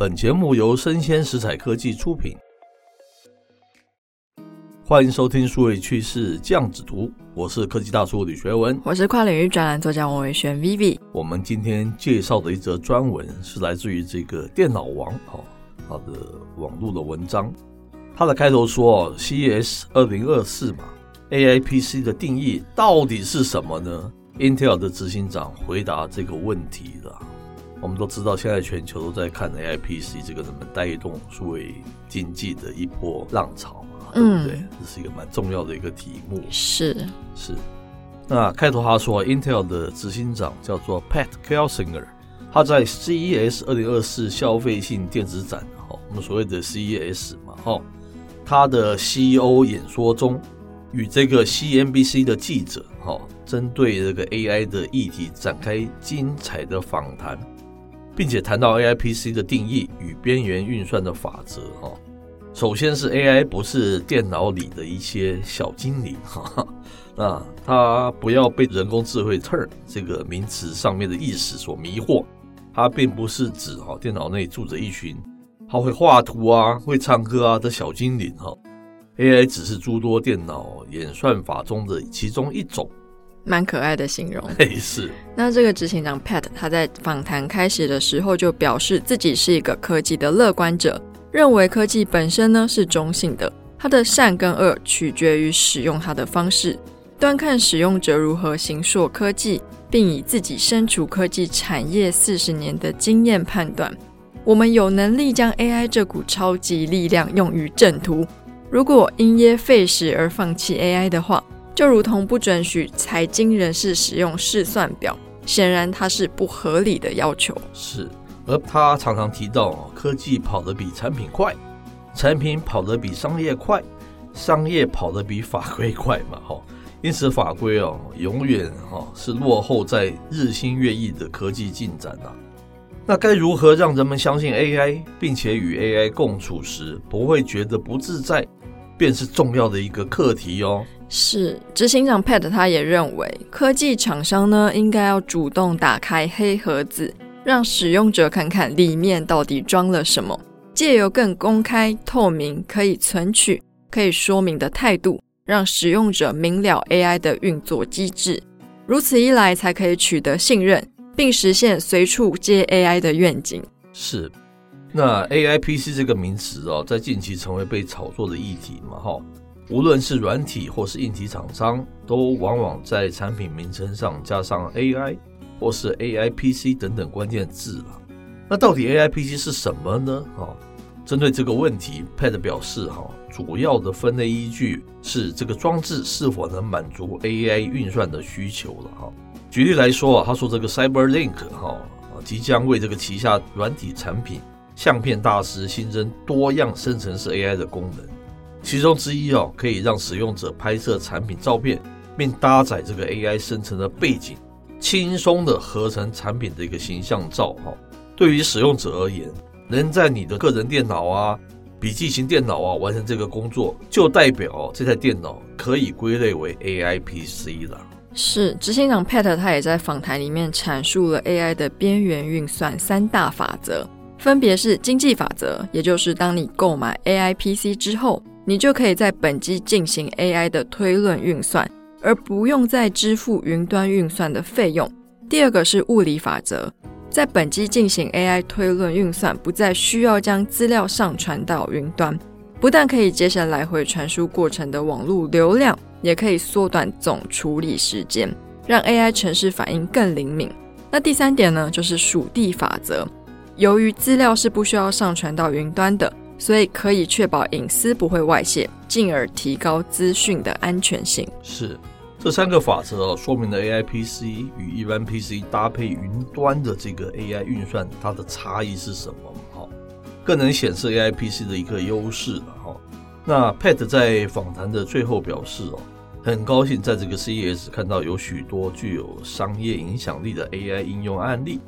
本節目由聲鮮時采科技出品，歡迎收聽《數位趨勢醬子讀》，我是科技大叔李學文，我是跨領域專欄作家王偉軒 Vivi。我，v v 我們今天介紹的一則專文是來自於這個電腦王哦，他的網絡的文章。他的開頭說：“CES 二零二四嘛，AIPC 的定義到底是什麼呢？”Intel 的執行長回答這個問題了。我們都知道，現在全球都在看 AIPC 這個什麼帶動數位經濟的一波浪潮嘛，對不對？嗯，這是一個蠻重要的一個題目。是是。那開頭他說，Intel 的執行長叫做 Pat Gelsinger，他在 CES 二零二四消費性電子展，哈，我們所謂的 CES 嘛，哈，他的 CEO 演說中，與這個 CNBC 的記者，哈，針對這個 AI 的議題展開精彩的訪談。並且談到 A I P C 的定義與邊緣運算的法則，哈，首先是 A I 不是電腦裡的一些小精靈，哈，啊，它不要被“人工智慧 ”turn 這個名詞上面的意思所迷惑，它並不是指哈電腦內住着一群它會畫圖啊、會唱歌啊的小精靈，哈，A I 只是諸多電腦演算法中的其中一種。蠻可愛的形容，是那這個執行長 Pat，他在訪談開始的時候就表示自己是一個科技的樂觀者，認為科技本身呢是中性的，它的善跟惡取決於使用它的方式。端看使用者如何形塑科技，並以自己身處科技產業四十年的經驗判斷，我們有能力將 AI 這股超級力量用於正途。如果因噎廢食而放棄 AI 的話，就如同不准許財經人士使用試算表，顯然它是不合理的要求。是，而他常常提到哦，科技跑得比產品快，產品跑得比商業快，商業跑得比法規快嘛哦，因此法規哦，永遠哦，是落後在日新月異的科技進展的啊。那該如何讓人們相信 AI，並且與 AI 共處時不會覺得不自在？便是重要的一個課題哦。是，執行長 Pat 他也認為，科技廠商呢，應該要主動打開黑盒子，讓使用者看看裡面到底裝了什麼，借由更公開、透明、可以存取、可以說明的態度，讓使用者明了 AI 的運作機制。如此一來，才可以取得信任，並實現隨處接 AI 的願景。是。那 AIPC 這個名詞哦，在近期成為被炒作的議題嘛，哈，無論是軟體或是硬體廠商，都往往在產品名稱上加上 AI 或是 AIPC 等等關鍵字啊。那到底 AIPC 是什麼呢？哈，針對這個問題，Pat 表示哈，主要的分類依據是這個裝置是否能滿足 AI 運算的需求了。哈。舉例來說啊，他說這個 Cyberlink 哈，即將為這個旗下軟體產品。相片大師新增多樣生成式 AI 的功能，其中之一哦，可以讓使用者拍攝產品照片，並搭載這個 AI 生成的背景，輕鬆地合成產品的一個形象照。哈，對於使用者而言，能在你的個人電腦啊、筆記型電腦啊完成這個工作，就代表這台電腦可以歸類為 AI PC 了。是，執行長 Pat 他也在訪談裡面闡述了 AI 的邊緣運算三大法則。分別是經濟法則，也就是當你購買 AI PC 之後，你就可以在本機進行 AI 的推論運算，而不用再支付雲端運算的費用。第二個是物理法則，在本機進行 AI 推論運算，不再需要將資料上傳到雲端，不但可以節省來回傳輸過程的網路流量，也可以縮短總處理時間，讓 AI 程式反應更靈敏。那第三點呢，就是屬地法則。由於資料是不需要上傳到雲端的，所以可以確保隱私不會外泄，進而提高資訊的安全性。是，這三個法則哦，說明了 AI PC 與一般 PC 搭配雲端的這個 AI 運算，它的差異是什麼？哈，更能顯示 AI PC 的一個優勢。哈，那 Pat 在訪談的最後表示哦，很高興在這個 CES 看到有許多具有商業影響力的 AI 應用案例。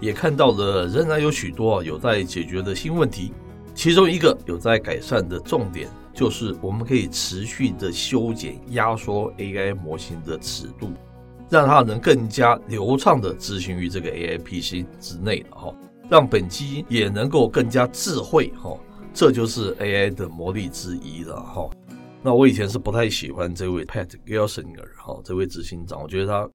也看到了，仍然有許多啊有待解決的新問題。其中一個有待改善的重點，就是我們可以持續的修剪、壓縮 AI 模型的尺度，讓它能更加流暢的執行於這個 AIPC 之內了哈。讓本機也能夠更加智慧哈，這就是 AI 的魔力之一了哈。那我以前是不太喜歡這位 Pat Gelsinger 哈，這位執行長，我覺得他。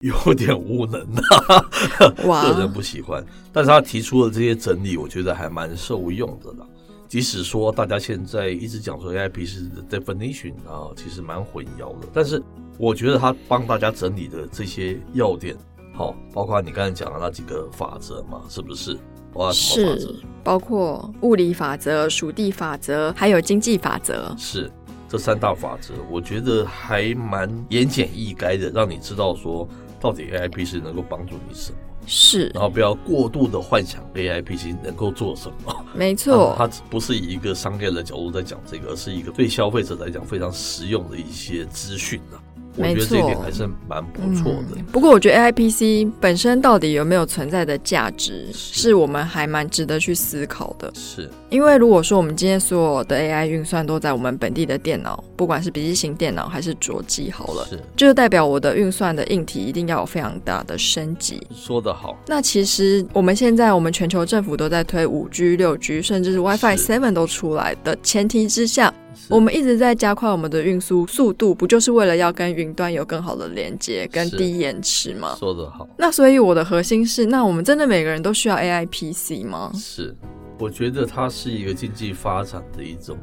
有點無能啊哇，個人不喜歡。但是他提出的這些整理，我覺得還蠻受用的啦。即使說大家現在一直講說 AI PC 是 definition 啊，哦，其實蠻混淆的。但是我覺得他幫大家整理的這些要點，好，哦，包括你剛才講的那幾個法則嘛，是不是？包括什麼法則？哇。是。包括物理法則、屬地法則，還有經濟法則。是。這三大法則，我覺得還蠻言簡意賅的，讓你知道說到底 AIP 是能夠幫助你什麼？是，然後不要過度的幻想 AIP c 能夠做什麼？沒錯，它不是以一個商業的角度在講這個，而是一個對消費者來講非常實用的一些資訊、啊沒錯，還是蠻不錯的。嗯，不過，我覺得 A I P C 本身到底有沒有存在的價值，是，是我們還蠻值得去思考的。是，因為如果說我們今天所有的 A I 運算都在我們本地的電腦，不管是筆記型電腦還是桌機，好了，是，就代表我的運算的硬體一定要有非常大的升級。說得好。那其實我們現在，我們全球政府都在推五 G、六 G，甚至是 Wi Fi Seven 都出來的前提之下。是我們一直在加快我們的運輸速度，不就是為了要跟雲端有更好的連接跟低延遲嗎？說得好。那所以我的核心是，那我們真的每個人都需要 AI PC 嗎？是，我覺得它是一個經濟發展的一種，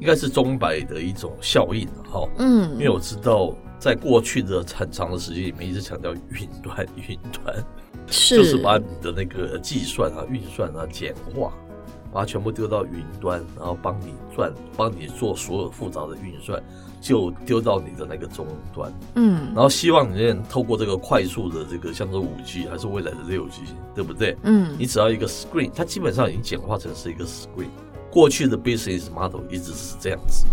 應該是鐘擺的一種效應、啊。好，嗯，因為我知道在過去的很長的時間裡面，一直強調雲端，雲端，是，就是把你的那個計算啊、運算啊簡化。把、啊、全部丟到雲端，然後幫你轉，幫你做所有複雜的運算，就丟到你的那個終端。嗯，然後希望你能透過這個快速的這個，像是五 G 還是未來的六 G，對不對？嗯，你只要一個 screen，它基本上已經簡化成是一個 screen。過去的 business model 一直是這樣子，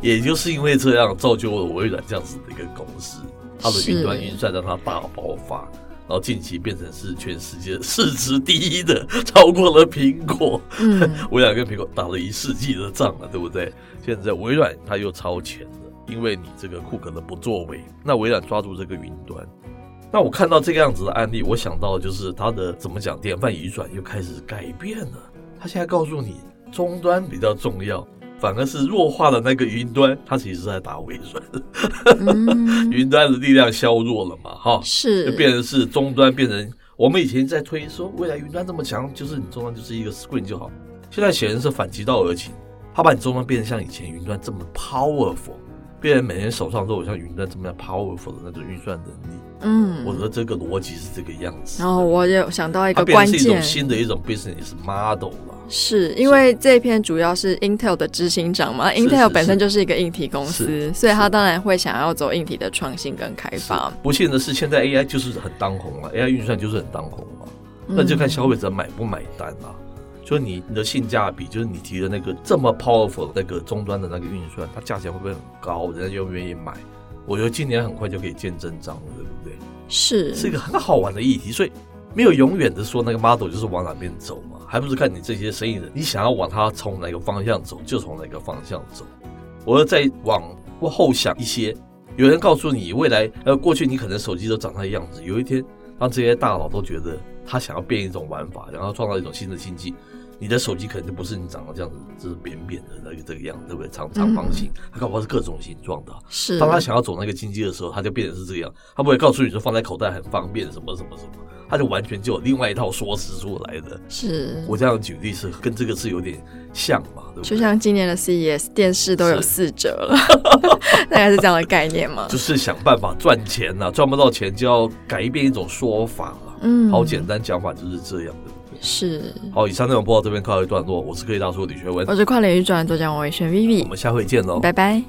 也就是因為這樣造就了微軟這樣子的一個公司，它的雲端運算讓它大爆發。然後近期變成是全世界市值第一的，超過了蘋果。嗯、 微軟跟蘋果打了一世紀的仗了，對不對？現在微軟它又超前了，因為你這個庫克的不作為，那微軟抓住這個雲端。那我看到這個樣子的案例，我想到就是它的怎麼講，典範移轉又開始改變了。它現在告訴你，終端比較重要。反而是弱化了那個雲端，它其實是在打微軟，雲、嗯、 端的力量削弱了嘛，哈、哦，是，就變成是終端變成。我們以前在推說未來雲端這麼強，就是你終端就是一個 screen 就好。現在顯然是反其道而行，他把你終端變成像以前雲端這麼 powerful，變成每天手上都有像雲端這麼 powerful 的那種運算能力。嗯，我覺得這個邏輯是這個樣子。然後、哦、我就想到一個關鍵，它變成一種新的一種 business model 了。是因為這一篇主要是 Intel 的執行長嘛是？Intel 本身就是一個硬體公司，所以他當然會想要走硬體的創新跟開發。不幸的是，現在 AI 就是很當紅了，啊、，AI 運算就是很當紅那，啊、就看消費者買不買單了、啊。嗯、就你你的性價比，就是你提的那個這麼 powerful 的那個終端的那個運算，它價錢會不會很高？人家願不願意買？我覺得今年很快就可以見真章了，對不對？是是一個很好玩的議題，所以沒有永遠的說那個 model 就是往哪邊走、啊。還不是看你這些生意人，你想要往他從哪個方向走，就從哪個方向走。我要再往後想一些，有人告訴你未來呃過去，你可能手機都長那樣子。有一天，當這些大佬都覺得他想要變一種玩法，然後創造一種新的經濟，你的手機可能就不是你長的這樣子，就是扁扁的那個這個樣子，對不對？長長方形，他、嗯、搞不好是各種形狀的。是，當他想要走那個經濟的時候，他就變成是這樣，他不會告訴你說放在口袋很方便，什麼什麼什麼。他就完全就有另外一套說辭出來的是，我這樣舉例是跟這個是有點像嘛，對不對？就像今年的 CES 電視都有四折了，大概是這樣的概念嘛。就是想辦法賺錢吶，賺不到錢就要改變一種說法。嗯，好簡單講法就是這樣的。是，好，以上內容播到這邊告一段落，我是科技大叔李學文，我是跨領域專欄作家王薇瑄 Vivi，我們下回見嘍，拜拜。